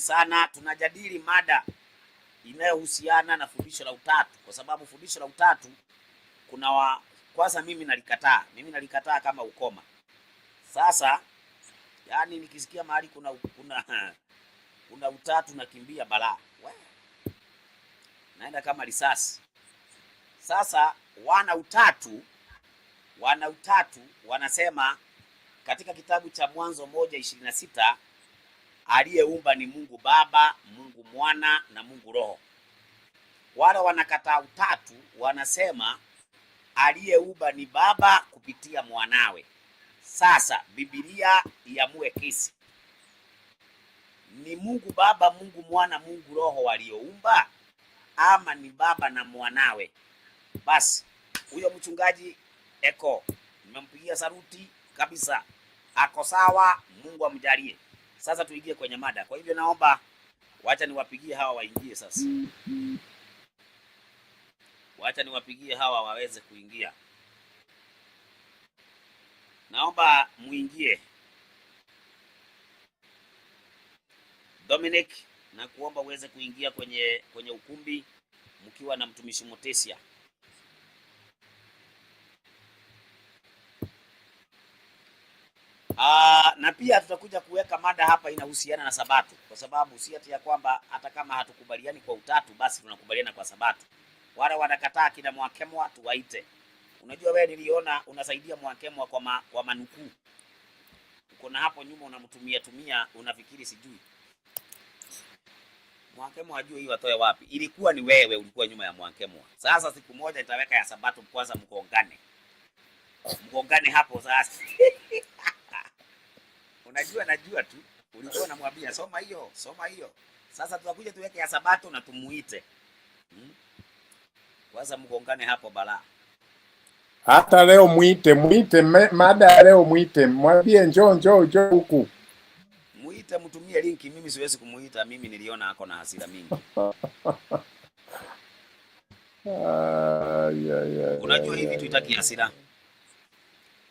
Sana tunajadili mada inayohusiana na fundisho la utatu, kwa sababu fundisho la utatu kuna wa kwanza, mimi nalikataa, mimi nalikataa kama ukoma. Sasa yani nikisikia mahali kuna, kuna, kuna utatu nakimbia balaa, naenda kama risasi. Sasa wana utatu wana utatu wanasema katika kitabu cha Mwanzo moja ishirini na sita aliyeumba ni Mungu Baba, Mungu Mwana na Mungu Roho. Wale wanakataa utatu, wanasema aliyeumba ni Baba kupitia mwanawe. Sasa Biblia iamue kesi, ni Mungu Baba, Mungu Mwana, Mungu Roho walioumba ama ni Baba na mwanawe? Basi huyo mchungaji Eko nimempigia saruti kabisa, ako sawa. Mungu amjalie. Sasa tuingie kwenye mada. Kwa hivyo naomba wacha niwapigie hawa waingie sasa. Wacha niwapigie hawa waweze kuingia. Naomba muingie. Dominic, na kuomba uweze kuingia kwenye kwenye ukumbi mkiwa na mtumishi Motesia. Ah, na pia tutakuja kuweka mada hapa inahusiana na Sabato, kwa sababu si ati ya kwamba hata kama hatukubaliani kwa utatu, basi tunakubaliana kwa Sabato. Wale wanakataa kina Mwakemwa tuwaite. Unajua wewe, niliona unasaidia Mwakemwa kwa, ma, kwa manukuu uko na hapo nyuma unamtumia tumia, unafikiri sijui Mwakemwa ajue hii watoe wapi. Ilikuwa ni wewe ulikuwa nyuma ya Mwakemwa. Sasa siku moja nitaweka ya Sabato kwanza, mgongane mgongane hapo sasa unajua najua tu ulikuwa unamwambia soma hiyo, soma hiyo. Sasa tunakuja tuweke ya Sabato na tumuite hmm? Kwanza mgongane hapo balaa. Hata leo mwite, mwite mada ya leo, mwite mwambie, njoo njoo njoo huku, mwite, mtumie linki. Mimi siwezi kumuita, mimi niliona ako na hasira mingi Unajua hii vitu itaki hasira,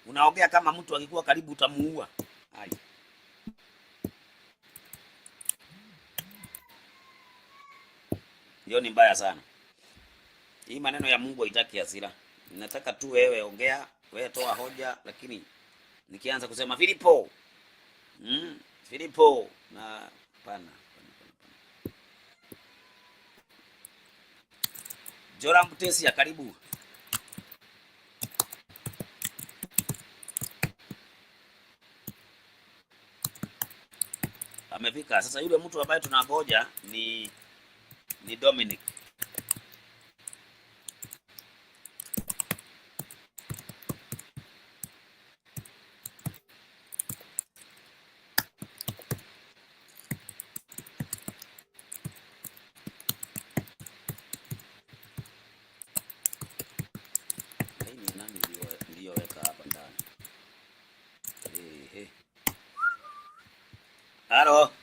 unaongea kama mtu akikuwa karibu utamuua. Hai. hiyo ni mbaya sana. Hii maneno ya Mungu haitaki hasira. Nataka tu wewe ongea, wewe toa hoja, lakini nikianza kusema Filipo, mm, Filipo na pana Mtesi ya karibu. Amefika sasa. Yule mtu ambaye tunangoja ni ni Dominic. Halo.